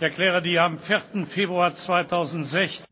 ich erkläre die am. vier februar zweitausendsechzehn.